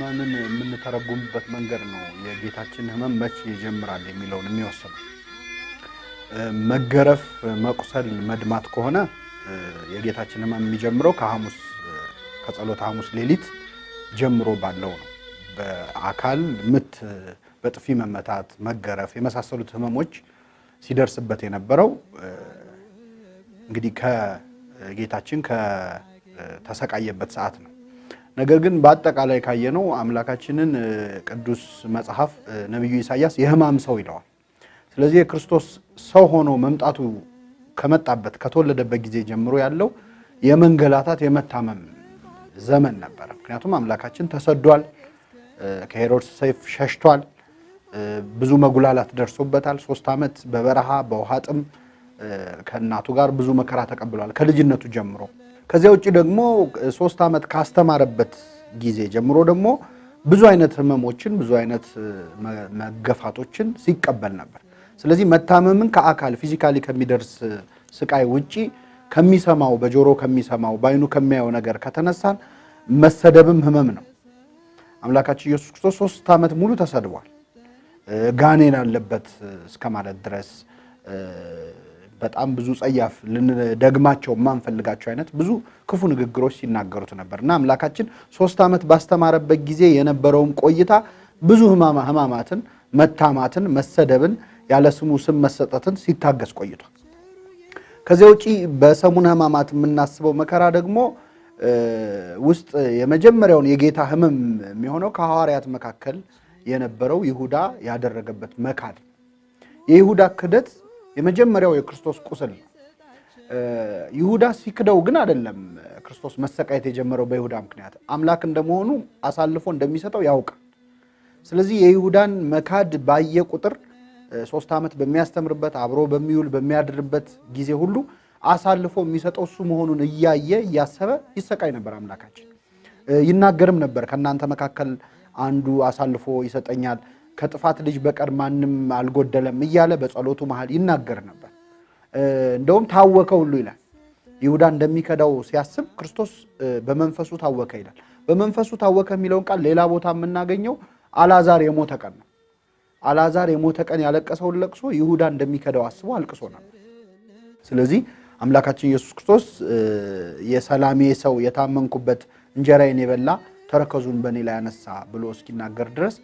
ህመምን የምንተረጉምበት መንገድ ነው። የጌታችን ህመም መቼ ይጀምራል የሚለውን የሚወስነው መገረፍ፣ መቁሰል፣ መድማት ከሆነ የጌታችን ህመም የሚጀምረው ከሐሙስ ከጸሎተ ሐሙስ ሌሊት ጀምሮ ባለው ነው። በአካል ምት፣ በጥፊ መመታት፣ መገረፍ የመሳሰሉት ህመሞች ሲደርስበት የነበረው እንግዲህ ከጌታችን ከተሰቃየበት ሰዓት ነው። ነገር ግን በአጠቃላይ ካየነው አምላካችንን ቅዱስ መጽሐፍ ነቢዩ ኢሳያስ የሕማም ሰው ይለዋል። ስለዚህ የክርስቶስ ሰው ሆኖ መምጣቱ ከመጣበት ከተወለደበት ጊዜ ጀምሮ ያለው የመንገላታት የመታመም ዘመን ነበረ። ምክንያቱም አምላካችን ተሰዷል፣ ከሄሮድስ ሰይፍ ሸሽቷል፣ ብዙ መጉላላት ደርሶበታል። ሶስት ዓመት በበረሃ በውሃ ጥም ከእናቱ ጋር ብዙ መከራ ተቀብሏል ከልጅነቱ ጀምሮ ከዚያ ውጭ ደግሞ ሶስት ዓመት ካስተማረበት ጊዜ ጀምሮ ደግሞ ብዙ አይነት ህመሞችን ብዙ አይነት መገፋቶችን ሲቀበል ነበር። ስለዚህ መታመምን ከአካል ፊዚካሊ ከሚደርስ ስቃይ ውጪ ከሚሰማው በጆሮ ከሚሰማው በአይኑ ከሚያየው ነገር ከተነሳን መሰደብም ህመም ነው። አምላካችን ኢየሱስ ክርስቶስ ሶስት ዓመት ሙሉ ተሰድቧል። ጋኔን አለበት እስከ ማለት ድረስ በጣም ብዙ ጸያፍ ልንደግማቸው የማንፈልጋቸው አይነት ብዙ ክፉ ንግግሮች ሲናገሩት ነበር እና አምላካችን ሶስት ዓመት ባስተማረበት ጊዜ የነበረውም ቆይታ ብዙ ህማማትን መታማትን፣ መሰደብን፣ ያለ ስሙ ስም መሰጠትን ሲታገስ ቆይቷል። ከዚያ ውጪ በሰሙነ ህማማት የምናስበው መከራ ደግሞ ውስጥ የመጀመሪያውን የጌታ ህመም የሚሆነው ከሐዋርያት መካከል የነበረው ይሁዳ ያደረገበት መካድ የይሁዳ ክደት የመጀመሪያው የክርስቶስ ቁስል ይሁዳ ሲክደው ግን አይደለም ክርስቶስ መሰቃየት የጀመረው በይሁዳ ምክንያት። አምላክ እንደመሆኑ አሳልፎ እንደሚሰጠው ያውቃል። ስለዚህ የይሁዳን መካድ ባየ ቁጥር ሶስት ዓመት በሚያስተምርበት አብሮ በሚውል በሚያድርበት ጊዜ ሁሉ አሳልፎ የሚሰጠው እሱ መሆኑን እያየ እያሰበ ይሰቃይ ነበር። አምላካችን ይናገርም ነበር ከእናንተ መካከል አንዱ አሳልፎ ይሰጠኛል ከጥፋት ልጅ በቀር ማንም አልጎደለም እያለ በጸሎቱ መሀል ይናገር ነበር። እንደውም ታወከ ሁሉ ይላል። ይሁዳ እንደሚከዳው ሲያስብ ክርስቶስ በመንፈሱ ታወከ ይላል። በመንፈሱ ታወከ የሚለውን ቃል ሌላ ቦታ የምናገኘው አላዛር የሞተ ቀን ነው። አላዛር የሞተ ቀን ያለቀሰውን ለቅሶ ይሁዳ እንደሚከዳው አስቦ አልቅሶ ነበር። ስለዚህ አምላካችን ኢየሱስ ክርስቶስ የሰላሜ ሰው የታመንኩበት እንጀራዬን የበላ ተረከዙን በእኔ ላይ ያነሳ ብሎ እስኪናገር ድረስ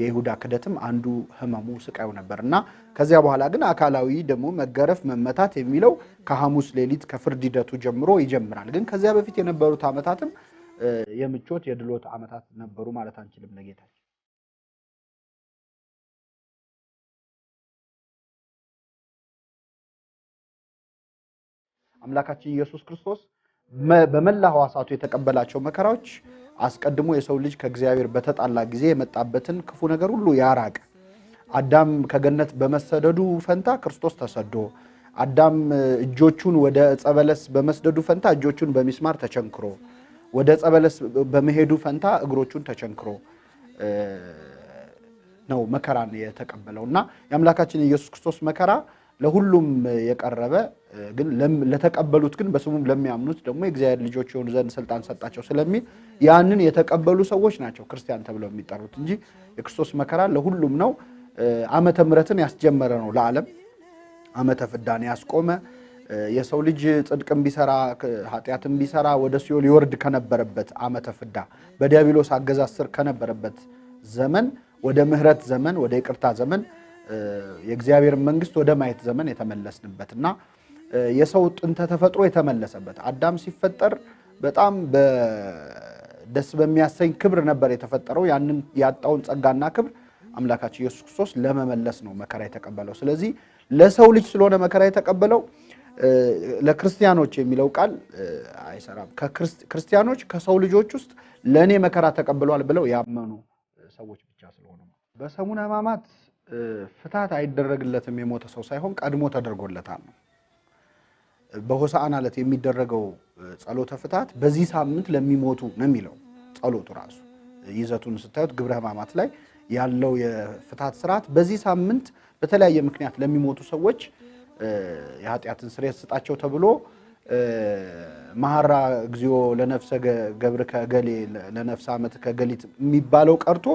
የይሁዳ ክደትም አንዱ ህመሙ ስቃዩ ነበር እና ከዚያ በኋላ ግን አካላዊ ደግሞ መገረፍ መመታት የሚለው ከሐሙስ ሌሊት ከፍርድ ሂደቱ ጀምሮ ይጀምራል። ግን ከዚያ በፊት የነበሩት ዓመታትም የምቾት የድሎት ዓመታት ነበሩ ማለት አንችልም ለጌታችን አምላካችን ኢየሱስ ክርስቶስ በመላ ሕዋሳቱ የተቀበላቸው መከራዎች አስቀድሞ የሰው ልጅ ከእግዚአብሔር በተጣላ ጊዜ የመጣበትን ክፉ ነገር ሁሉ ያራቀ አዳም ከገነት በመሰደዱ ፈንታ ክርስቶስ ተሰዶ አዳም እጆቹን ወደ ጸበለስ በመስደዱ ፈንታ እጆቹን በሚስማር ተቸንክሮ ወደ ጸበለስ በመሄዱ ፈንታ እግሮቹን ተቸንክሮ ነው መከራን የተቀበለው እና የአምላካችን ኢየሱስ ክርስቶስ መከራ ለሁሉም የቀረበ ግን ለተቀበሉት ግን በስሙም ለሚያምኑት ደግሞ የእግዚአብሔር ልጆች የሆኑ ዘንድ ስልጣን ሰጣቸው ስለሚል ያንን የተቀበሉ ሰዎች ናቸው ክርስቲያን ተብለው የሚጠሩት እንጂ የክርስቶስ መከራ ለሁሉም ነው። ዓመተ ምሕረትን ያስጀመረ ነው ለዓለም ዓመተ ፍዳን ያስቆመ የሰው ልጅ ጽድቅን ቢሰራ ኃጢአትን ቢሰራ ወደ ሲኦል ይወርድ ከነበረበት ዓመተ ፍዳ በዲያብሎስ አገዛዝ ስር ከነበረበት ዘመን ወደ ምሕረት ዘመን ወደ ይቅርታ ዘመን የእግዚአብሔር መንግስት ወደ ማየት ዘመን የተመለስንበት እና የሰው ጥንተ ተፈጥሮ የተመለሰበት አዳም ሲፈጠር በጣም ደስ በሚያሰኝ ክብር ነበር የተፈጠረው። ያንን ያጣውን ጸጋና ክብር አምላካችን ኢየሱስ ክርስቶስ ለመመለስ ነው መከራ የተቀበለው። ስለዚህ ለሰው ልጅ ስለሆነ መከራ የተቀበለው ለክርስቲያኖች የሚለው ቃል አይሰራም። ክርስቲያኖች ከሰው ልጆች ውስጥ ለእኔ መከራ ተቀብሏል ብለው ያመኑ ሰዎች ብቻ ስለሆኑ በሰሙነ ሕማማት ፍታት አይደረግለትም የሞተ ሰው ሳይሆን ቀድሞ ተደርጎለታል ነው። በሆሳዕና ዕለት የሚደረገው ጸሎተ ፍታት በዚህ ሳምንት ለሚሞቱ ነው የሚለው ጸሎቱ ራሱ። ይዘቱን ስታዩት ግብረ ሕማማት ላይ ያለው የፍታት ስርዓት በዚህ ሳምንት በተለያየ ምክንያት ለሚሞቱ ሰዎች የኃጢአትን ስርየት ስጣቸው ተብሎ መሐራ እግዚኦ ለነፍሰ ገብር ከገሌ ለነፍሰ ዓመት ከገሊት የሚባለው ቀርቶ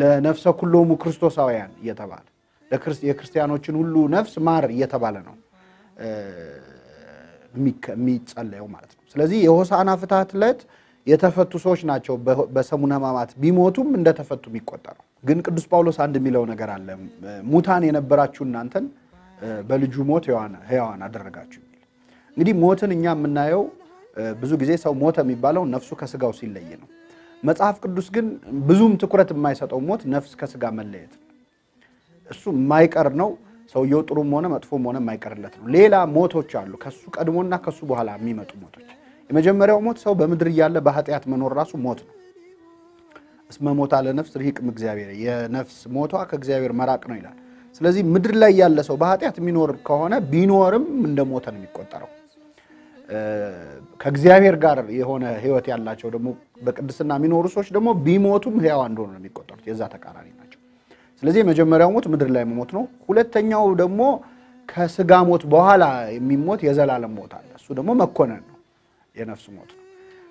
ለነፍሰ ኩሎሙ ክርስቶሳውያን እየተባለ የክርስቲያኖችን ሁሉ ነፍስ ማር እየተባለ ነው የሚጸለየው ማለት ነው። ስለዚህ የሆሳና ፍታት ዕለት የተፈቱ ሰዎች ናቸው በሰሙነ ሕማማት ቢሞቱም እንደተፈቱ የሚቆጠሩ። ግን ቅዱስ ጳውሎስ አንድ የሚለው ነገር አለ። ሙታን የነበራችሁ እናንተን በልጁ ሞት ሕያዋን አደረጋችሁ የሚል እንግዲህ ሞትን እኛ የምናየው ብዙ ጊዜ ሰው ሞተ የሚባለው ነፍሱ ከስጋው ሲለይ ነው። መጽሐፍ ቅዱስ ግን ብዙም ትኩረት የማይሰጠው ሞት ነፍስ ከስጋ መለየት እሱ የማይቀር ነው። ሰውየው ጥሩም ሆነ መጥፎም ሆነ የማይቀርለት ነው። ሌላ ሞቶች አሉ፣ ከሱ ቀድሞና ከሱ በኋላ የሚመጡ ሞቶች። የመጀመሪያው ሞት ሰው በምድር እያለ በኃጢአት መኖር ራሱ ሞት ነው። እስመ ሞታ ለነፍስ ርሂቅም እግዚአብሔር፣ የነፍስ ሞቷ ከእግዚአብሔር መራቅ ነው ይላል። ስለዚህ ምድር ላይ ያለ ሰው በኃጢአት የሚኖር ከሆነ ቢኖርም እንደ ሞተ ነው የሚቆጠረው። ከእግዚአብሔር ጋር የሆነ ህይወት ያላቸው ደግሞ በቅድስና የሚኖሩ ሰዎች ደግሞ ቢሞቱም ህያዋ እንደሆነ ነው የሚቆጠሩት። የዛ ተቃራኒ ናቸው። ስለዚህ የመጀመሪያው ሞት ምድር ላይ መሞት ነው። ሁለተኛው ደግሞ ከስጋ ሞት በኋላ የሚሞት የዘላለም ሞት አለ። እሱ ደግሞ መኮነን ነው፣ የነፍስ ሞት ነው።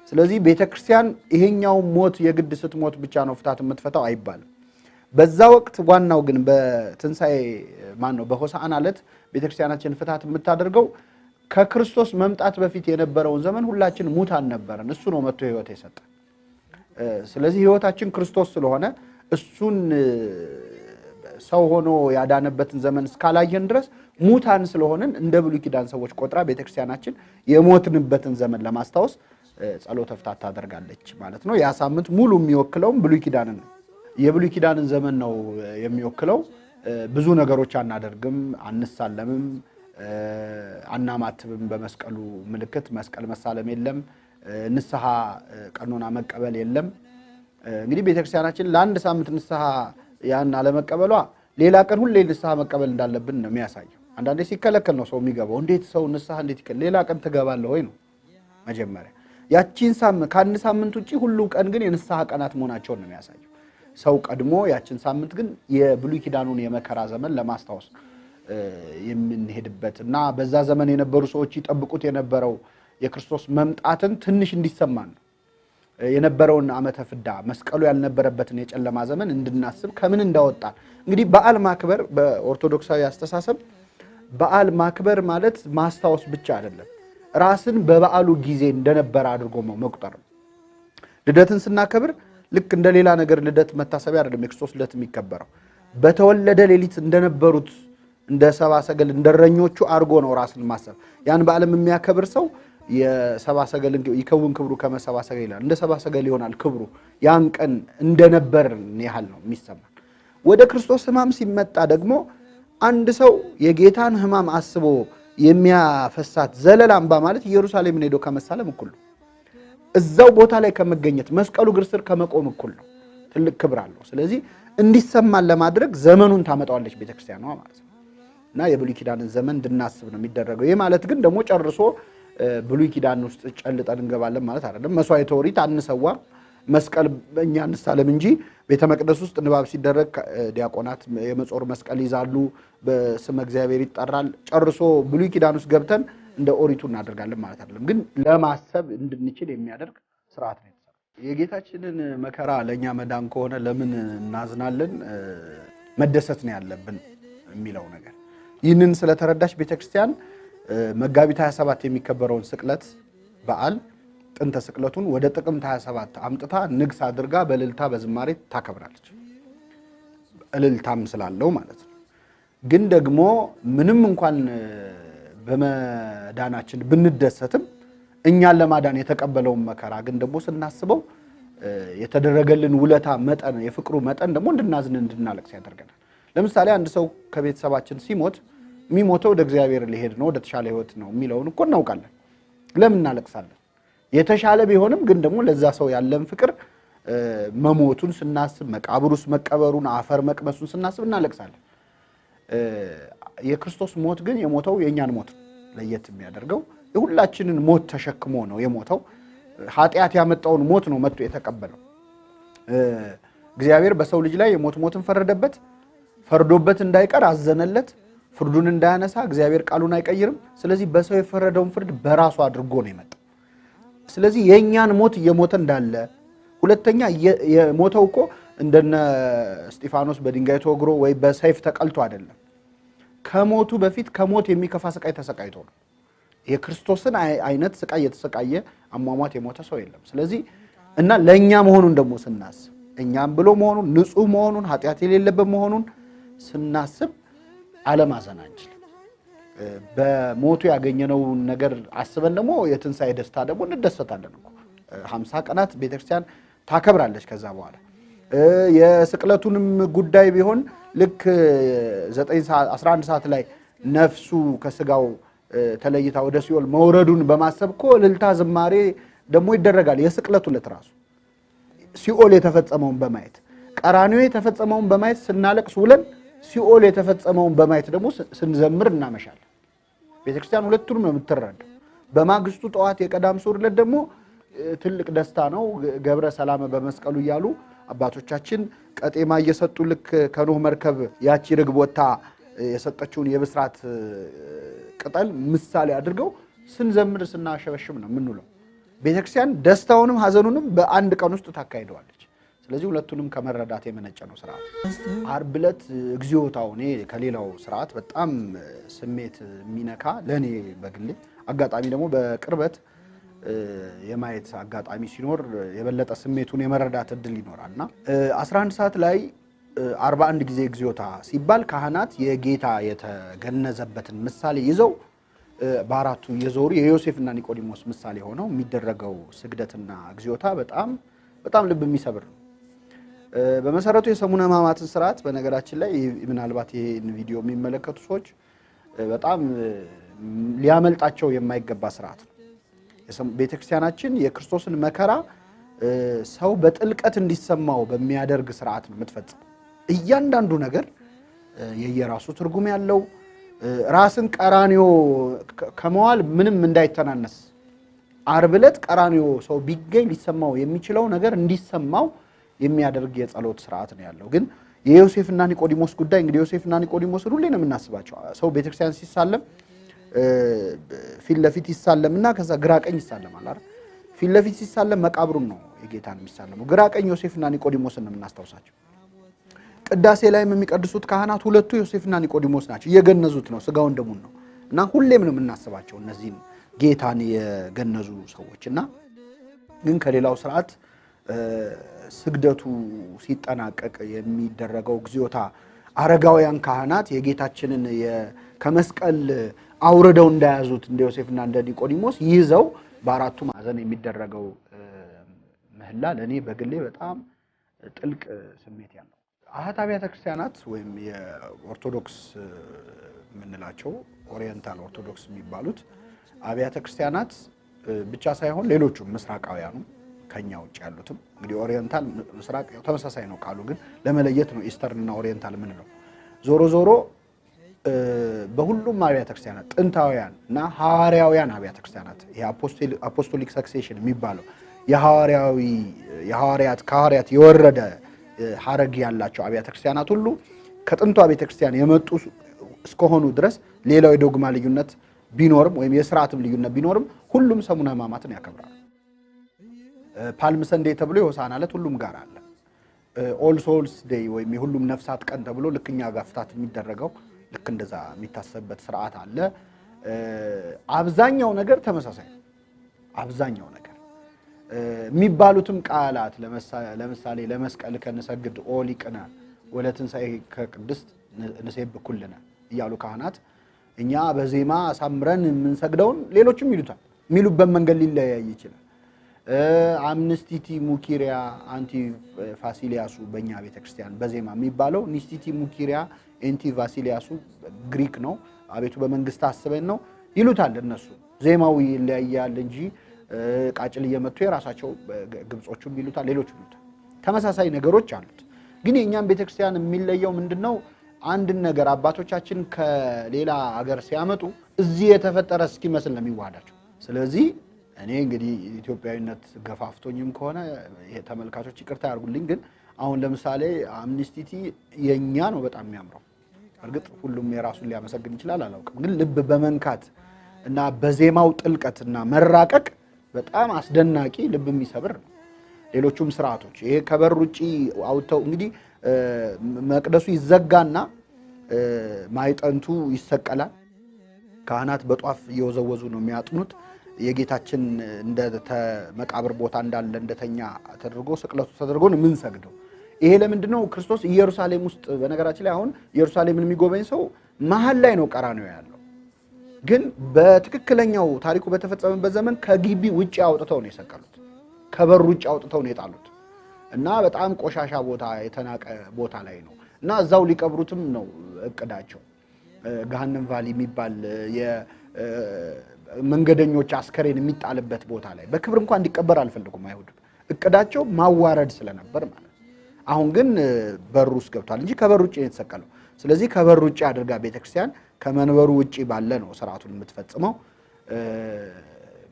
ስለዚህ ቤተ ክርስቲያን ይሄኛው ሞት የግድ ስትሞት ብቻ ነው ፍታት የምትፈታው አይባልም። በዛ ወቅት ዋናው ግን በትንሣኤ ማን ነው በሆሳዕና ዕለት ቤተክርስቲያናችን ፍታት የምታደርገው ከክርስቶስ መምጣት በፊት የነበረውን ዘመን ሁላችን ሙታን ነበረን። እሱ ነው መጥቶ ህይወት የሰጠ ስለዚህ ህይወታችን ክርስቶስ ስለሆነ እሱን ሰው ሆኖ ያዳነበትን ዘመን እስካላየን ድረስ ሙታን ስለሆንን እንደ ብሉይ ኪዳን ሰዎች ቆጥራ ቤተክርስቲያናችን የሞትንበትን ዘመን ለማስታወስ ጸሎተ ፍታት ታደርጋለች ማለት ነው። ያ ሳምንት ሙሉ የሚወክለውም ብሉይ ኪዳንን የብሉይ ኪዳንን ዘመን ነው የሚወክለው። ብዙ ነገሮች አናደርግም፣ አንሳለምም አናማትብም በመስቀሉ ምልክት መስቀል መሳለም የለም፣ ንስሐ ቀኖና መቀበል የለም። እንግዲህ ቤተክርስቲያናችን ለአንድ ሳምንት ንስሐ ያን አለመቀበሏ ሌላ ቀን ሁሌ ንስሐ መቀበል እንዳለብን ነው የሚያሳየው። አንዳንዴ ሲከለከል ነው ሰው የሚገባው። እንዴት ሰው ንስሐ እንዴት ይከል ሌላ ቀን ትገባለህ ወይ ነው መጀመሪያ። ያቺን ሳምንት ከአንድ ሳምንት ውጭ ሁሉ ቀን ግን የንስሐ ቀናት መሆናቸውን ነው የሚያሳየው። ሰው ቀድሞ ያችን ሳምንት ግን የብሉይ ኪዳኑን የመከራ ዘመን ለማስታወስ ነው። የምንሄድበት እና በዛ ዘመን የነበሩ ሰዎች ይጠብቁት የነበረው የክርስቶስ መምጣትን ትንሽ እንዲሰማን ነው የነበረውን ዓመተ ፍዳ መስቀሉ ያልነበረበትን የጨለማ ዘመን እንድናስብ ከምን እንዳወጣ እንግዲህ በዓል ማክበር በኦርቶዶክሳዊ አስተሳሰብ በዓል ማክበር ማለት ማስታወስ ብቻ አይደለም፣ ራስን በበዓሉ ጊዜ እንደነበረ አድርጎ መቁጠር ነው። ልደትን ስናከብር ልክ እንደ ሌላ ነገር ልደት መታሰቢያ አይደለም የክርስቶስ ልደት የሚከበረው በተወለደ ሌሊት እንደነበሩት እንደ ሰባ ሰገል እንደረኞቹ አድርጎ ነው ራስን ማሰብ። ያን በዓለም የሚያከብር ሰው የሰባ ሰገል ይከውን ክብሩ ከመሰባ ሰገል ይላል። እንደ ሰባ ሰገል ይሆናል ክብሩ ያን ቀን እንደነበር ያህል ነው የሚሰማ። ወደ ክርስቶስ ሕማም ሲመጣ ደግሞ አንድ ሰው የጌታን ሕማም አስቦ የሚያፈሳት ዘለላ እንባ ማለት ኢየሩሳሌምን ሄዶ ከመሳለም እኩል ነው። እዛው ቦታ ላይ ከመገኘት መስቀሉ እግር ስር ከመቆም እኩል ነው። ትልቅ ክብር አለው። ስለዚህ እንዲሰማን ለማድረግ ዘመኑን ታመጣዋለች ቤተክርስቲያኗ ማለት ነው። እና የብሉይ ኪዳንን ዘመን እንድናስብ ነው የሚደረገው። ይህ ማለት ግን ደግሞ ጨርሶ ብሉይ ኪዳን ውስጥ ጨልጠን እንገባለን ማለት አይደለም። መስዋዕተ ኦሪት አንሰዋም፣ መስቀል እኛ አንሳለም እንጂ ቤተ መቅደስ ውስጥ ንባብ ሲደረግ ዲያቆናት የመጾር መስቀል ይዛሉ፣ በስመ እግዚአብሔር ይጠራል። ጨርሶ ብሉይ ኪዳን ውስጥ ገብተን እንደ ኦሪቱ እናደርጋለን ማለት አይደለም። ግን ለማሰብ እንድንችል የሚያደርግ ስርዓት ነው። የጌታችንን መከራ ለእኛ መዳን ከሆነ ለምን እናዝናለን? መደሰት ነው ያለብን የሚለው ነገር ይህንን ስለተረዳች ቤተክርስቲያን መጋቢት 27 የሚከበረውን ስቅለት በዓል ጥንተ ስቅለቱን ወደ ጥቅምት 27 አምጥታ ንግስ አድርጋ በልልታ በዝማሬ ታከብራለች። እልልታም ስላለው ማለት ነው። ግን ደግሞ ምንም እንኳን በመዳናችን ብንደሰትም እኛን ለማዳን የተቀበለውን መከራ ግን ደግሞ ስናስበው የተደረገልን ውለታ መጠን የፍቅሩ መጠን ደግሞ እንድናዝን እንድናለቅስ ያደርገናል። ለምሳሌ አንድ ሰው ከቤተሰባችን ሲሞት የሚሞተው ወደ እግዚአብሔር ሊሄድ ነው፣ ወደ ተሻለ ህይወት ነው የሚለውን እኮ እናውቃለን። ለምን እናለቅሳለን? የተሻለ ቢሆንም ግን ደግሞ ለዛ ሰው ያለን ፍቅር መሞቱን ስናስብ፣ መቃብር ውስጥ መቀበሩን፣ አፈር መቅመሱን ስናስብ እናለቅሳለን። የክርስቶስ ሞት ግን የሞተው የእኛን ሞት ነው ለየት የሚያደርገው የሁላችንን ሞት ተሸክሞ ነው የሞተው። ኃጢአት ያመጣውን ሞት ነው መጥቶ የተቀበለው። እግዚአብሔር በሰው ልጅ ላይ የሞት ሞትን ፈረደበት፣ ፈርዶበት እንዳይቀር አዘነለት። ፍርዱን እንዳያነሳ እግዚአብሔር ቃሉን አይቀይርም። ስለዚህ በሰው የፈረደውን ፍርድ በራሱ አድርጎ ነው የመጣው። ስለዚህ የእኛን ሞት እየሞተ እንዳለ ሁለተኛ የሞተው እኮ እንደነ እስጢፋኖስ በድንጋይ ተወግሮ ወይ በሰይፍ ተቀልቶ አይደለም። ከሞቱ በፊት ከሞት የሚከፋ ስቃይ ተሰቃይቶ ነው። የክርስቶስን አይነት ስቃይ የተሰቃየ አሟሟት የሞተ ሰው የለም። ስለዚህ እና ለእኛ መሆኑን ደግሞ ስናስብ እኛም ብሎ መሆኑን ንጹህ መሆኑን ኃጢአት የሌለበት መሆኑን ስናስብ አለማዘን አንችልም። በሞቱ ያገኘነውን ነገር አስበን ደግሞ የትንሣኤ ደስታ ደግሞ እንደሰታለን እኮ ሀምሳ ቀናት ቤተክርስቲያን ታከብራለች። ከዛ በኋላ የስቅለቱንም ጉዳይ ቢሆን ልክ 11 ሰዓት ላይ ነፍሱ ከስጋው ተለይታ ወደ ሲኦል መውረዱን በማሰብ እኮ እልልታ፣ ዝማሬ ደግሞ ይደረጋል። የስቅለቱ ዕለት ራሱ ሲኦል የተፈጸመውን በማየት ቀራንዮ የተፈጸመውን በማየት ስናለቅስ ውለን ሲኦል የተፈጸመውን በማየት ደግሞ ስንዘምር እናመሻለን። ቤተክርስቲያን ሁለቱንም ነው የምትረዳው። በማግስቱ ጠዋት የቀዳም ስዑር ዕለት ደግሞ ትልቅ ደስታ ነው። ገብረ ሰላመ በመስቀሉ እያሉ አባቶቻችን ቀጤማ እየሰጡ ልክ ከኖህ መርከብ ያቺ ርግብ ወጥታ የሰጠችውን የብስራት ቅጠል ምሳሌ አድርገው ስንዘምር ስናሸበሽብ ነው የምንውለው። ቤተክርስቲያን ደስታውንም ሀዘኑንም በአንድ ቀን ውስጥ ታካሂደዋለች። ስለዚህ ሁለቱንም ከመረዳት የመነጨ ነው ስርዓት። ዓርብ ዕለት እግዚኦታው እኔ ከሌላው ስርዓት በጣም ስሜት የሚነካ ለእኔ በግሌ አጋጣሚ ደግሞ በቅርበት የማየት አጋጣሚ ሲኖር የበለጠ ስሜቱን የመረዳት እድል ይኖራል እና 11 ሰዓት ላይ 41 ጊዜ እግዚኦታ ሲባል ካህናት የጌታ የተገነዘበትን ምሳሌ ይዘው በአራቱ የዞሩ የዮሴፍና ኒቆዲሞስ ምሳሌ ሆነው የሚደረገው ስግደትና እግዚኦታ በጣም በጣም ልብ የሚሰብር ነው። በመሰረቱ የሰሙነ ሕማማትን ስርዓት በነገራችን ላይ ምናልባት ይህን ቪዲዮ የሚመለከቱ ሰዎች በጣም ሊያመልጣቸው የማይገባ ስርዓት ነው። ቤተክርስቲያናችን የክርስቶስን መከራ ሰው በጥልቀት እንዲሰማው በሚያደርግ ስርዓት ነው የምትፈጽም። እያንዳንዱ ነገር የየራሱ ትርጉም ያለው ራስን ቀራኒዮ ከመዋል ምንም እንዳይተናነስ አርብ ዕለት ቀራኒዮ ሰው ቢገኝ ሊሰማው የሚችለው ነገር እንዲሰማው የሚያደርግ የጸሎት ስርዓት ነው ያለው። ግን የዮሴፍና ኒቆዲሞስ ጉዳይ እንግዲህ ዮሴፍና ኒቆዲሞስን ሁሌ ነው የምናስባቸው። ሰው ቤተክርስቲያን ሲሳለም ፊት ለፊት ይሳለምና ከዛ ግራ ቀኝ ይሳለማል አይደል? ፊት ለፊት ሲሳለም መቃብሩን ነው የጌታን የሚሳለመው። ግራ ቀኝ ዮሴፍና ኒቆዲሞስን ነው የምናስታውሳቸው። ቅዳሴ ላይም የሚቀድሱት ካህናት ሁለቱ ዮሴፍና ኒቆዲሞስ ናቸው። እየገነዙት ነው ስጋውን ደሙን ነው እና ሁሌም ነው የምናስባቸው እነዚህም ጌታን የገነዙ ሰዎች እና ግን ከሌላው ስርዓት ስግደቱ ሲጠናቀቅ የሚደረገው እግዚኦታ አረጋውያን ካህናት የጌታችንን ከመስቀል አውርደው እንዳያዙት እንደ ዮሴፍና እንደ ኒቆዲሞስ ይዘው በአራቱ ማዕዘን የሚደረገው ምህላ ለእኔ በግሌ በጣም ጥልቅ ስሜት ያለው አህት አብያተ ክርስቲያናት ወይም የኦርቶዶክስ የምንላቸው ኦሪየንታል ኦርቶዶክስ የሚባሉት አብያተ ክርስቲያናት ብቻ ሳይሆን ሌሎቹም ምስራቃውያኑ ከኛ ውጭ ያሉትም እንግዲህ ኦሪየንታል፣ ምስራቅ ተመሳሳይ ነው ቃሉ ግን ለመለየት ነው ኢስተርን እና ኦሪየንታል የምንለው ዞሮ ዞሮ በሁሉም አብያተ ክርስቲያናት ጥንታውያን እና ሐዋርያውያን አብያተ ክርስቲያናት ይሄ አፖስቶሊክ ሰክሴሽን የሚባለው የሐዋርያዊ የሐዋርያት ከሐዋርያት የወረደ ሐረግ ያላቸው አብያተ ክርስቲያናት ሁሉ ከጥንቷ ቤተ ክርስቲያን የመጡ እስከሆኑ ድረስ ሌላው የዶግማ ልዩነት ቢኖርም ወይም የስርዓትም ልዩነት ቢኖርም ሁሉም ሰሙነ ሕማማትን ያከብራል። ፓልም ሰንዴ ተብሎ የሆሳና ዕለት ሁሉም ጋር አለ። ኦል ሶልስ ዴይ ወይም የሁሉም ነፍሳት ቀን ተብሎ ልክ እኛ ጋር ፍታት የሚደረገው ልክ እንደዛ የሚታሰብበት ስርዓት አለ። አብዛኛው ነገር ተመሳሳይ ነው። አብዛኛው ነገር የሚባሉትም ቃላት ለምሳሌ ለመስቀል ከንሰግድ ኦ ሊቅነ ከቅድስት ንሴብ ኩልነ እያሉ ካህናት እኛ በዜማ አሳምረን የምንሰግደውን ሌሎችም ይሉታል። የሚሉበት መንገድ ሊለያይ ይችላል። አምነስቲቲ ሙኪሪያ አንቲ ፋሲሊያሱ በእኛ ቤተክርስቲያን በዜማ የሚባለው ኒስቲቲ ሙኪሪያ ኤንቲ ቫሲሊያሱ ግሪክ ነው። አቤቱ በመንግስት አስበን ነው ይሉታል እነሱ። ዜማው ይለያያል እንጂ ቃጭል እየመቱ የራሳቸው ግብጾቹም ይሉታል፣ ሌሎች ይሉታል። ተመሳሳይ ነገሮች አሉት። ግን የእኛም ቤተክርስቲያን የሚለየው ምንድን ነው? አንድን ነገር አባቶቻችን ከሌላ ሀገር ሲያመጡ እዚህ የተፈጠረ እስኪመስል ነው የሚዋሃዳቸው። ስለዚህ እኔ እንግዲህ ኢትዮጵያዊነት ገፋፍቶኝም ከሆነ ተመልካቾች ይቅርታ ያርጉልኝ። ግን አሁን ለምሳሌ አምኒስቲቲ የእኛ ነው በጣም የሚያምረው። እርግጥ ሁሉም የራሱን ሊያመሰግን ይችላል አላውቅም። ግን ልብ በመንካት እና በዜማው ጥልቀት እና መራቀቅ በጣም አስደናቂ ልብ የሚሰብር ነው። ሌሎቹም ስርዓቶች ይሄ ከበር ውጭ አውጥተው እንግዲህ መቅደሱ ይዘጋና ማይጠንቱ ይሰቀላል። ካህናት በጧፍ እየወዘወዙ ነው የሚያጥኑት። የጌታችን እንደ መቃብር ቦታ እንዳለ እንደተኛ ተደርጎ ስቅለቱ ተደርጎ ነው የምንሰግደው። ይሄ ለምንድን ነው? ክርስቶስ ኢየሩሳሌም ውስጥ በነገራችን ላይ አሁን ኢየሩሳሌምን የሚጎበኝ ሰው መሀል ላይ ነው ነው ያለው፣ ግን በትክክለኛው ታሪኩ በተፈጸመበት ዘመን ከግቢ ውጭ አውጥተው ነው የሰቀሉት። ከበሩ ውጭ አውጥተው ነው የጣሉት እና በጣም ቆሻሻ ቦታ፣ የተናቀ ቦታ ላይ ነው እና እዛው ሊቀብሩትም ነው እቅዳቸው። ገሃነም ቫሊ የሚባል መንገደኞች አስከሬን የሚጣልበት ቦታ ላይ በክብር እንኳን እንዲቀበር አልፈልጉም አይሁድ። እቅዳቸው ማዋረድ ስለነበር ማለት አሁን ግን በሩ ውስጥ ገብቷል እንጂ ከበር ውጭ ነው የተሰቀለው። ስለዚህ ከበር ውጭ አድርጋ ቤተክርስቲያን ከመንበሩ ውጭ ባለ ነው ስርዓቱን የምትፈጽመው።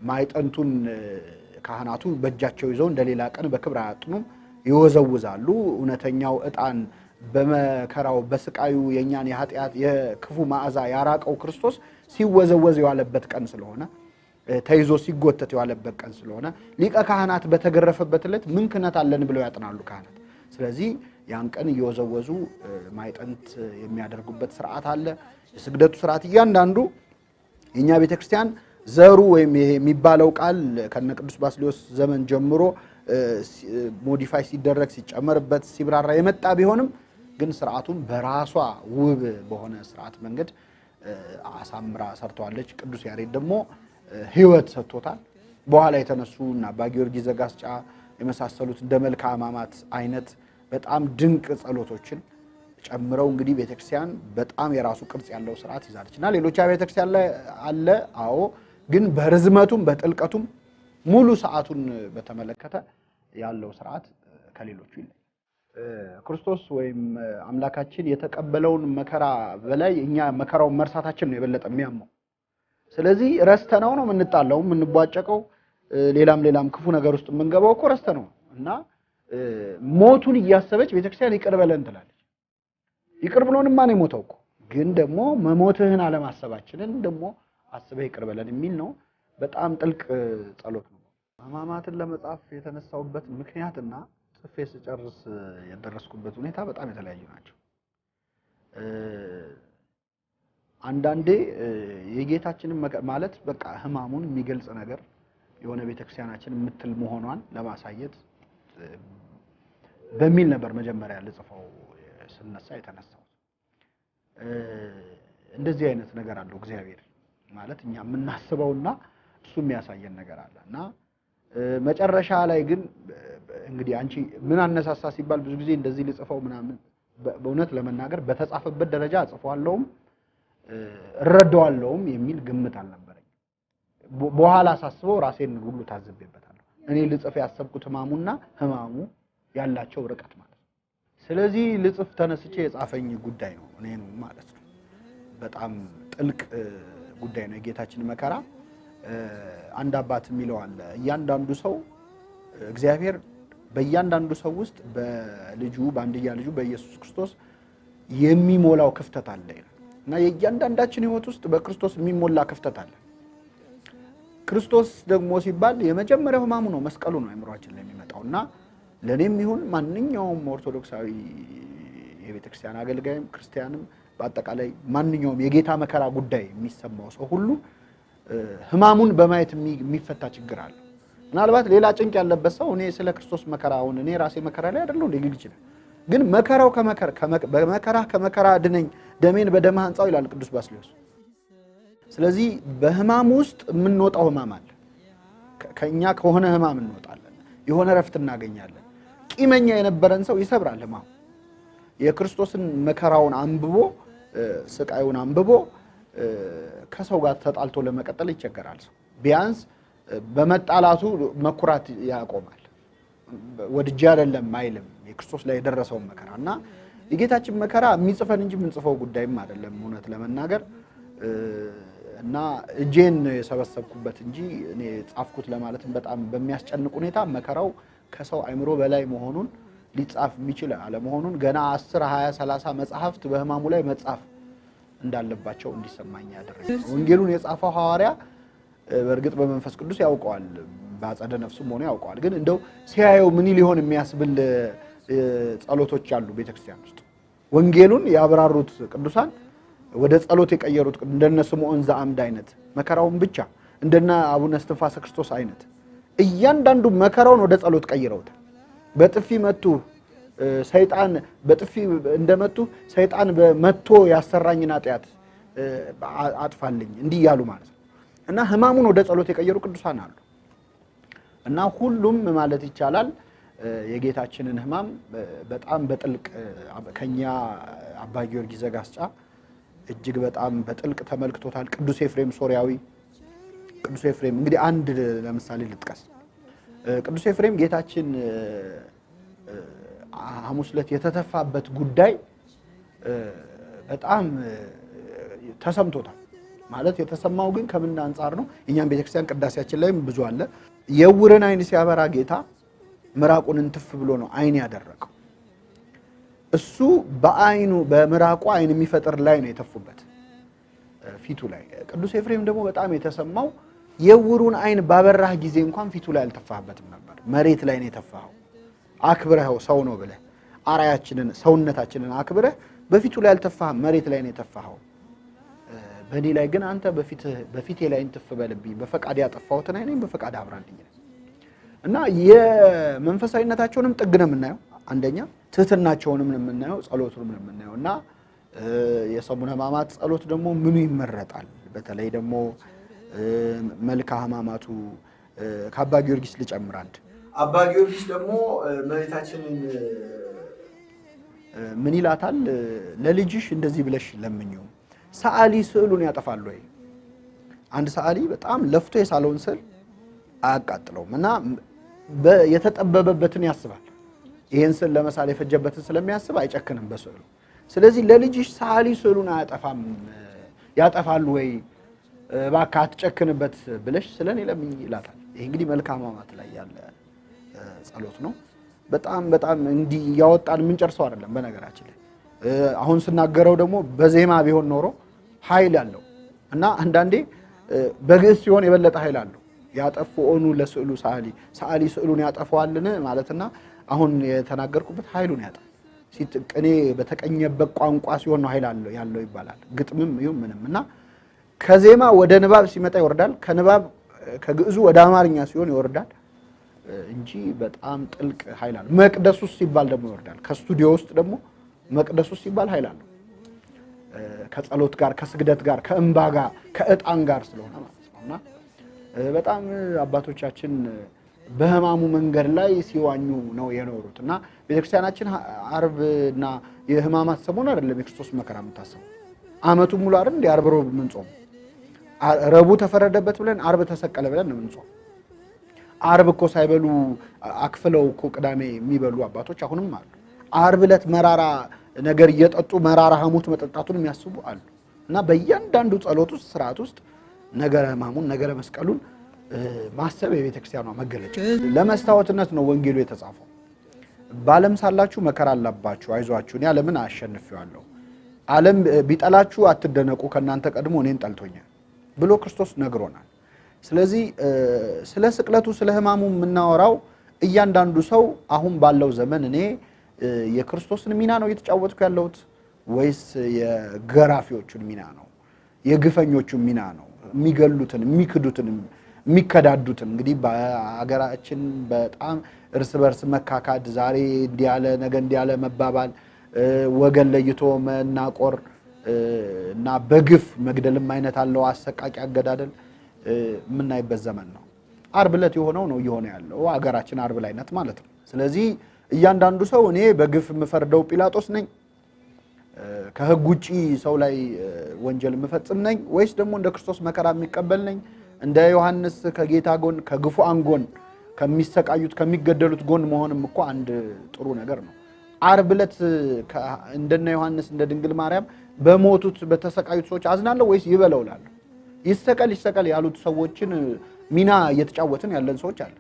ማይጠንቱን ካህናቱ በእጃቸው ይዘው እንደሌላ ቀን በክብር አያጥኑም፣ ይወዘውዛሉ። እውነተኛው ዕጣን በመከራው በስቃዩ የእኛን የኃጢአት የክፉ መዓዛ ያራቀው ክርስቶስ ሲወዘወዝ የዋለበት ቀን ስለሆነ ተይዞ ሲጎተት የዋለበት ቀን ስለሆነ ሊቀ ካህናት በተገረፈበት ዕለት ምን ክህነት አለን ብለው ያጥናሉ ካህናት። ስለዚህ ያን ቀን እየወዘወዙ ማይጠንት የሚያደርጉበት ስርዓት አለ። የስግደቱ ስርዓት እያንዳንዱ የእኛ ቤተ ክርስቲያን ዘሩ ወይም ይሄ የሚባለው ቃል ከነ ቅዱስ ባስልዮስ ዘመን ጀምሮ ሞዲፋይ ሲደረግ ሲጨመርበት ሲብራራ የመጣ ቢሆንም ግን ስርዓቱን በራሷ ውብ በሆነ ስርዓት መንገድ አሳምራ ሰርተዋለች። ቅዱስ ያሬድ ደግሞ ህይወት ሰጥቶታል። በኋላ የተነሱ እና አባ ዘጋስጫ የመሳሰሉት እንደ መልካ ሕማማት አይነት በጣም ድንቅ ጸሎቶችን ጨምረው እንግዲህ ቤተክርስቲያን በጣም የራሱ ቅርጽ ያለው ስርዓት ይዛለች እና ሌሎች ቤተክርስቲያን ላይ አለ። አዎ፣ ግን በርዝመቱም በጥልቀቱም ሙሉ ሰዓቱን በተመለከተ ያለው ስርዓት ከሌሎቹ ይለያል። ክርስቶስ ወይም አምላካችን የተቀበለውን መከራ በላይ እኛ መከራውን መርሳታችን ነው የበለጠ የሚያመው። ስለዚህ ረስተነው ነው የምንጣለው፣ የምንቧጨቀው፣ ሌላም ሌላም ክፉ ነገር ውስጥ የምንገባው እኮ ረስተነው ነው እና ሞቱን እያሰበች ቤተክርስቲያን ይቅር በለን ትላለች። ይቅር ብሎንማ ነው የሞተው እኮ ግን ደግሞ መሞትህን አለማሰባችንን ደግሞ አስበህ ይቅር በለን የሚል ነው። በጣም ጥልቅ ጸሎት ነው። ሕማማትን ለመጻፍ የተነሳውበት ምክንያትና ጽፌ ስጨርስ የደረስኩበት ሁኔታ በጣም የተለያዩ ናቸው። አንዳንዴ የጌታችንን ማለት በቃ ህማሙን የሚገልጽ ነገር የሆነ ቤተክርስቲያናችን የምትል መሆኗን ለማሳየት በሚል ነበር መጀመሪያ ልጽፈው ስነሳ የተነሳው። እንደዚህ አይነት ነገር አለው እግዚአብሔር ማለት እኛ የምናስበውና እሱ የሚያሳየን ነገር አለ እና መጨረሻ ላይ ግን እንግዲህ አንቺ ምን አነሳሳ ሲባል ብዙ ጊዜ እንደዚህ ልጽፈው ምናምን በእውነት ለመናገር በተጻፈበት ደረጃ እጽፏለሁም እረዳዋለሁም የሚል ግምት አልነበረኝ። በኋላ ሳስበው ራሴን ሁሉ ታዝቤበታለሁ። እኔ ልጽፍ ያሰብኩት ህማሙና ህማሙ ያላቸው ርቀት ማለት ነው። ስለዚህ ልጽፍ ተነስቼ የጻፈኝ ጉዳይ ነው እኔ ማለት ነው። በጣም ጥልቅ ጉዳይ ነው የጌታችን መከራ አንድ አባት የሚለው አለ። እያንዳንዱ ሰው እግዚአብሔር በእያንዳንዱ ሰው ውስጥ በልጁ በአንድያ ልጁ በኢየሱስ ክርስቶስ የሚሞላው ክፍተት አለ እና የእያንዳንዳችን ሕይወት ውስጥ በክርስቶስ የሚሞላ ክፍተት አለ። ክርስቶስ ደግሞ ሲባል የመጀመሪያው ሕማሙ ነው፣ መስቀሉ ነው አእምሯችን ላይ የሚመጣው እና ለእኔም ይሁን ማንኛውም ኦርቶዶክሳዊ የቤተ ክርስቲያን አገልጋይም ክርስቲያንም በአጠቃላይ ማንኛውም የጌታ መከራ ጉዳይ የሚሰማው ሰው ሁሉ ህማሙን በማየት የሚፈታ ችግር አለ። ምናልባት ሌላ ጭንቅ ያለበት ሰው እኔ ስለ ክርስቶስ መከራ አሁን እኔ ራሴ መከራ ላይ አይደለሁ ሊል ይችላል። ግን መከራው በመከራ ከመከራ ድነኝ ደሜን በደመ አንጻው ይላል ቅዱስ ባስሌዎስ። ስለዚህ በህማም ውስጥ የምንወጣው ህማም አለ። ከእኛ ከሆነ ህማም እንወጣለን፣ የሆነ ረፍት እናገኛለን። ቂመኛ የነበረን ሰው ይሰብራል ህማም የክርስቶስን መከራውን አንብቦ ስቃዩን አንብቦ ከሰው ጋር ተጣልቶ ለመቀጠል ይቸገራል። ሰው ቢያንስ በመጣላቱ መኩራት ያቆማል። ወድጄ አይደለም አይልም። የክርስቶስ ላይ የደረሰውን መከራ እና የጌታችን መከራ የሚጽፈን እንጂ የምንጽፈው ጉዳይም አይደለም እውነት ለመናገር እና እጄን የሰበሰብኩበት እንጂ እኔ ጻፍኩት ለማለትም በጣም በሚያስጨንቅ ሁኔታ መከራው ከሰው አይምሮ በላይ መሆኑን ሊጻፍ የሚችል አለመሆኑን ገና አስር ሀያ ሰላሳ መጽሐፍት በህማሙ ላይ መጻፍ እንዳለባቸው እንዲሰማኝ ያደረገ ወንጌሉን የጻፈው ሐዋርያ በእርግጥ በመንፈስ ቅዱስ ያውቀዋል፣ በአጸደ ነፍሱም ሆኖ ያውቀዋል። ግን እንደው ሲያየው ምን ሊሆን የሚያስብል ጸሎቶች አሉ ቤተክርስቲያን ውስጥ ወንጌሉን ያብራሩት ቅዱሳን ወደ ጸሎት የቀየሩት እንደነ ስምዖን ዘአምድ አይነት መከራውን ብቻ እንደነ አቡነ እስትንፋሰ ክርስቶስ አይነት እያንዳንዱ መከራውን ወደ ጸሎት ቀይረውታል። በጥፊ መቱ ሰይጣን በጥፊ እንደመቱ ሰይጣን መቶ ያሰራኝን ኃጢአት አጥፋልኝ እንዲህ እያሉ ማለት ነው። እና ህማሙን ወደ ጸሎት የቀየሩ ቅዱሳን አሉ። እና ሁሉም ማለት ይቻላል የጌታችንን ህማም በጣም በጥልቅ ከኛ አባ ጊዮርጊስ ዘጋስጫ እጅግ በጣም በጥልቅ ተመልክቶታል። ቅዱስ ኤፍሬም ሶሪያዊ ቅዱስ ኤፍሬም እንግዲህ አንድ ለምሳሌ ልጥቀስ። ቅዱስ ኤፍሬም ጌታችን ሐሙስ ዕለት የተተፋበት ጉዳይ በጣም ተሰምቶታል። ማለት የተሰማው ግን ከምን አንጻር ነው? እኛም ቤተክርስቲያን ቅዳሴያችን ላይም ብዙ አለ። የዕውርን ዓይን ሲያበራ ጌታ ምራቁን እንትፍ ብሎ ነው ዓይን ያደረገው። እሱ በዓይኑ በምራቁ ዓይን የሚፈጥር ላይ ነው የተፉበት ፊቱ ላይ። ቅዱስ ኤፍሬም ደግሞ በጣም የተሰማው የዕውሩን ዓይን ባበራህ ጊዜ እንኳን ፊቱ ላይ አልተፋህበትም ነበር፣ መሬት ላይ ነው የተፋኸው አክብረኸው ሰው ነው ብለህ አራያችንን ሰውነታችንን አክብረህ በፊቱ ላይ አልተፋህም፣ መሬት ላይ ነው የተፋኸው። በእኔ ላይ ግን አንተ በፊቴ ላይ እንትፍ በልብኝ በፈቃድ ያጠፋሁትን አይኔም በፈቃድ አብራልኝ እና የመንፈሳዊነታቸውንም ጥግ ነው የምናየው። አንደኛ ትህትናቸውንም ነው የምናየው፣ ጸሎቱንም ነው የምናየው እና የሰሙነ ሕማማት ጸሎት ደግሞ ምኑ ይመረጣል? በተለይ ደግሞ መልክአ ሕማማቱ ከአባ ጊዮርጊስ ልጨምር አንድ አባ ጊዮርጊስ ደግሞ መሬታችንን ምን ይላታል? ለልጅሽ እንደዚህ ብለሽ ለምኙ። ሰዓሊ ስዕሉን ያጠፋል ወይ? አንድ ሰዓሊ በጣም ለፍቶ የሳለውን ስዕል አያቃጥለውም እና የተጠበበበትን ያስባል። ይህን ስዕል ለመሳል የፈጀበትን ስለሚያስብ አይጨክንም በስዕሉ። ስለዚህ ለልጅሽ ሰዓሊ ስዕሉን አያጠፋም ያጠፋል ወይ እባክህ አትጨክንበት ብለሽ ስለኔ ለምኝ ይላታል። ይህ እንግዲህ መልካም ላይ ያለ ጸሎት ነው። በጣም በጣም እንዲህ እያወጣን የምንጨርሰው አይደለም። በነገራችን ላይ አሁን ስናገረው ደግሞ በዜማ ቢሆን ኖሮ ኃይል አለው እና አንዳንዴ በግዕዝ ሲሆን የበለጠ ኃይል አለው። ኦኑ ለስዕሉ ሰዓሊ ሰዓሊ ስዕሉን ያጠፈዋልን ማለትና አሁን የተናገርኩበት ኃይሉን ያጣ ቅኔ በተቀኘበት ቋንቋ ሲሆን ነው ኃይል አለው ያለው ይባላል። ግጥምም ይሁን ምንም እና ከዜማ ወደ ንባብ ሲመጣ ይወርዳል። ከንባብ ከግዕዙ ወደ አማርኛ ሲሆን ይወርዳል። እንጂ በጣም ጥልቅ ኃይል አለው። መቅደሱ ውስጥ ሲባል ደግሞ ይወርዳል። ከስቱዲዮ ውስጥ ደግሞ መቅደሱ ውስጥ ሲባል ኃይል አለው። ከጸሎት ጋር፣ ከስግደት ጋር፣ ከእንባ ጋር፣ ከእጣን ጋር ስለሆነ ማለት ነው እና በጣም አባቶቻችን በህማሙ መንገድ ላይ ሲዋኙ ነው የኖሩት እና ቤተክርስቲያናችን አርብና የህማማት ሰሞን አይደለም የክርስቶስ መከራ የምታሰቡ አመቱ ሙሉ አይደል እንዲ አርብ ሮብ ምንጾም ረቡ ተፈረደበት ብለን አርብ ተሰቀለ ብለን ምንጾም አርብ እኮ ሳይበሉ አክፍለው እኮ ቅዳሜ የሚበሉ አባቶች አሁንም አሉ። አርብ ዕለት መራራ ነገር እየጠጡ መራራ ሐሞት መጠጣቱን የሚያስቡ አሉ። እና በእያንዳንዱ ጸሎት ውስጥ ስርዓት ውስጥ ነገረ ሕማሙን ነገረ መስቀሉን ማሰብ የቤተ ክርስቲያኗ መገለጫ ለመስታወትነት ነው ወንጌሉ የተጻፈው። በዓለም ሳላችሁ መከራ አላባችሁ፣ አይዟችሁ እኔ ዓለምን አሸንፌዋለሁ። ዓለም ቢጠላችሁ አትደነቁ፣ ከእናንተ ቀድሞ እኔን ጠልቶኛል ብሎ ክርስቶስ ነግሮናል። ስለዚህ ስለ ስቅለቱ ስለ ህማሙ የምናወራው እያንዳንዱ ሰው አሁን ባለው ዘመን እኔ የክርስቶስን ሚና ነው እየተጫወትኩ ያለሁት ወይስ የገራፊዎቹን ሚና ነው፣ የግፈኞቹን ሚና ነው፣ የሚገሉትን፣ የሚክዱትን፣ የሚከዳዱትን። እንግዲህ በሀገራችን በጣም እርስ በርስ መካካድ፣ ዛሬ እንዲያለ ነገ እንዲያለ መባባል፣ ወገን ለይቶ መናቆር እና በግፍ መግደልም አይነት አለው አሰቃቂ አገዳደል የምናይበት ዘመን ነው። አርብ ዕለት የሆነው ነው እየሆነ ያለው አገራችን አርብ ላይነት ማለት ነው። ስለዚህ እያንዳንዱ ሰው እኔ በግፍ የምፈርደው ጲላጦስ ነኝ፣ ከህግ ውጪ ሰው ላይ ወንጀል የምፈጽም ነኝ፣ ወይስ ደግሞ እንደ ክርስቶስ መከራ የሚቀበል ነኝ፣ እንደ ዮሐንስ ከጌታ ጎን ከግፉአን ጎን ከሚሰቃዩት ከሚገደሉት ጎን መሆንም እኮ አንድ ጥሩ ነገር ነው። አርብ ዕለት እንደነ ዮሐንስ እንደ ድንግል ማርያም በሞቱት በተሰቃዩት ሰዎች አዝናለሁ ወይስ ይበለውላለሁ? ይሰቀል ይሰቀል ያሉት ሰዎችን ሚና እየተጫወትን ያለን ሰዎች አለ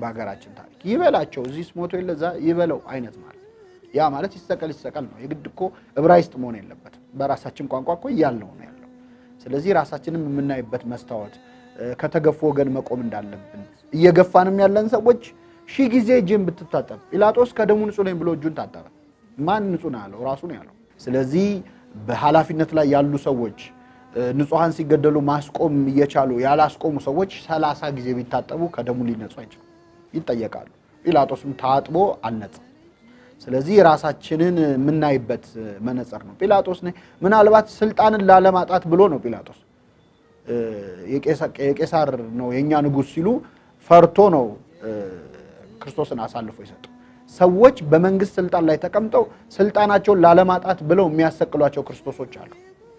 በሀገራችን ታሪክ። ይበላቸው እዚህ ስሞቶ የለዛ ይበለው አይነት ማለት ያ ማለት ይሰቀል ይሰቀል ነው። የግድ እኮ እብራይስጥ መሆን የለበትም። በራሳችን ቋንቋ እኮ እያልነው ነው ያለው። ስለዚህ ራሳችንም የምናይበት መስታወት ከተገፉ ወገን መቆም እንዳለብን እየገፋንም ያለን ሰዎች ሺህ ጊዜ እጅን ብትታጠብ ጲላጦስ ከደሙ ንጹሕ ነኝ ብሎ እጁን ታጠበ። ማን ንጹሕ ነው ያለው? ራሱ ነው ያለው። ስለዚህ በኃላፊነት ላይ ያሉ ሰዎች ንጹሐን ሲገደሉ ማስቆም እየቻሉ ያላስቆሙ ሰዎች ሰላሳ ጊዜ ቢታጠቡ ከደሙ ሊነጹ አይችሉ ይጠየቃሉ። ጲላጦስም ታጥቦ አልነጻ። ስለዚህ ራሳችንን የምናይበት መነጽር ነው። ጲላጦስ ምናልባት ስልጣንን ላለማጣት ብሎ ነው ጲላጦስ የቄሳር ነው የእኛ ንጉሥ ሲሉ ፈርቶ ነው ክርስቶስን አሳልፎ ይሰጡ። ሰዎች በመንግስት ስልጣን ላይ ተቀምጠው ስልጣናቸውን ላለማጣት ብለው የሚያሰቅሏቸው ክርስቶሶች አሉ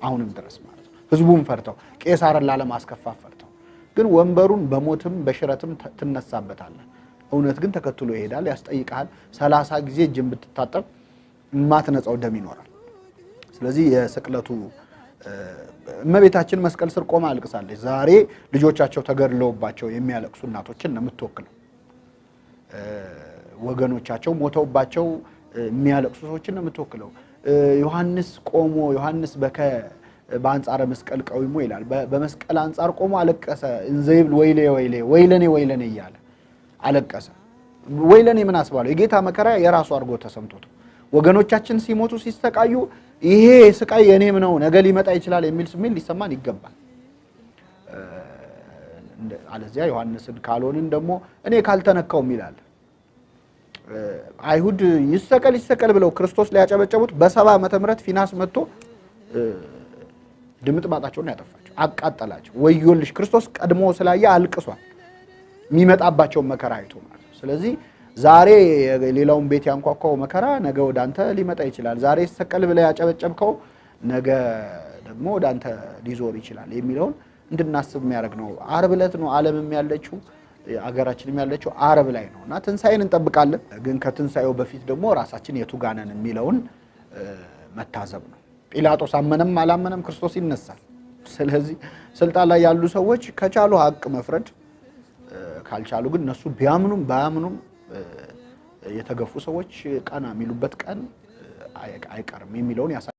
አሁንም ድረስ ማለት ህዝቡን ፈርተው ቄሳርን ላለማስከፋት ፈርተው። ግን ወንበሩን በሞትም በሽረትም ትነሳበታለህ። እውነት ግን ተከትሎ ይሄዳል፣ ያስጠይቀሃል። ሰላሳ ጊዜ እጅን ብትታጠብ የማትነጻው ደም ይኖራል። ስለዚህ የስቅለቱ እመቤታችን መስቀል ስር ቆማ አልቅሳለች። ዛሬ ልጆቻቸው ተገድለውባቸው የሚያለቅሱ እናቶችን ነው የምትወክለው። ወገኖቻቸው ሞተውባቸው የሚያለቅሱ ሰዎችን ነው የምትወክለው። ዮሐንስ ቆሞ ዮሐንስ በከ በአንጻረ መስቀል ቀዊሞ ይላል። በመስቀል አንጻር ቆሞ አለቀሰ። እንዘይብል ወይሌ ወይሌ ወይለኔ ወይለኔ እያለ አለቀሰ። ወይለኔ ምን አስባለሁ? የጌታ መከራ የራሱ አድርጎ ተሰምቶት ወገኖቻችን ሲሞቱ ሲሰቃዩ፣ ይሄ ስቃይ የኔም ነው፣ ነገ ሊመጣ ይችላል የሚል ስሜት ሊሰማን ይገባል። አለዚያ ዮሐንስን ካልሆንን ደግሞ እኔ ካልተነካውም ይላል። አይሁድ ይሰቀል ይሰቀል ብለው ክርስቶስ ሊያጨበጨቡት በሰባ ዓመተ ምህረት ፊናስ መጥቶ ድምጥ ማጣቸውን ያጠፋቸው፣ አቃጠላቸው። ወዮልሽ ክርስቶስ ቀድሞ ስላየ አልቅሷል፣ የሚመጣባቸውን መከራ አይቶ ማለት ነው። ስለዚህ ዛሬ ሌላውን ቤት ያንኳኳው መከራ ነገ ወደ አንተ ሊመጣ ይችላል። ዛሬ ሰቀል ብለህ ያጨበጨብከው ነገ ደግሞ ወደ አንተ ሊዞር ይችላል የሚለውን እንድናስብ የሚያደርግ ነው። ዓርብ ዕለት ነው ዓለምም ያለችው አገራችንም ያለችው ዓርብ ላይ ነው እና ትንሣኤን እንጠብቃለን። ግን ከትንሣኤው በፊት ደግሞ ራሳችን የቱጋነን የሚለውን መታዘብ ነው። ጲላጦስ አመነም አላመነም ክርስቶስ ይነሳል። ስለዚህ ስልጣን ላይ ያሉ ሰዎች ከቻሉ ሀቅ መፍረድ ካልቻሉ ግን እነሱ ቢያምኑም ባያምኑም የተገፉ ሰዎች ቀና የሚሉበት ቀን አይቀርም የሚለውን ያሳ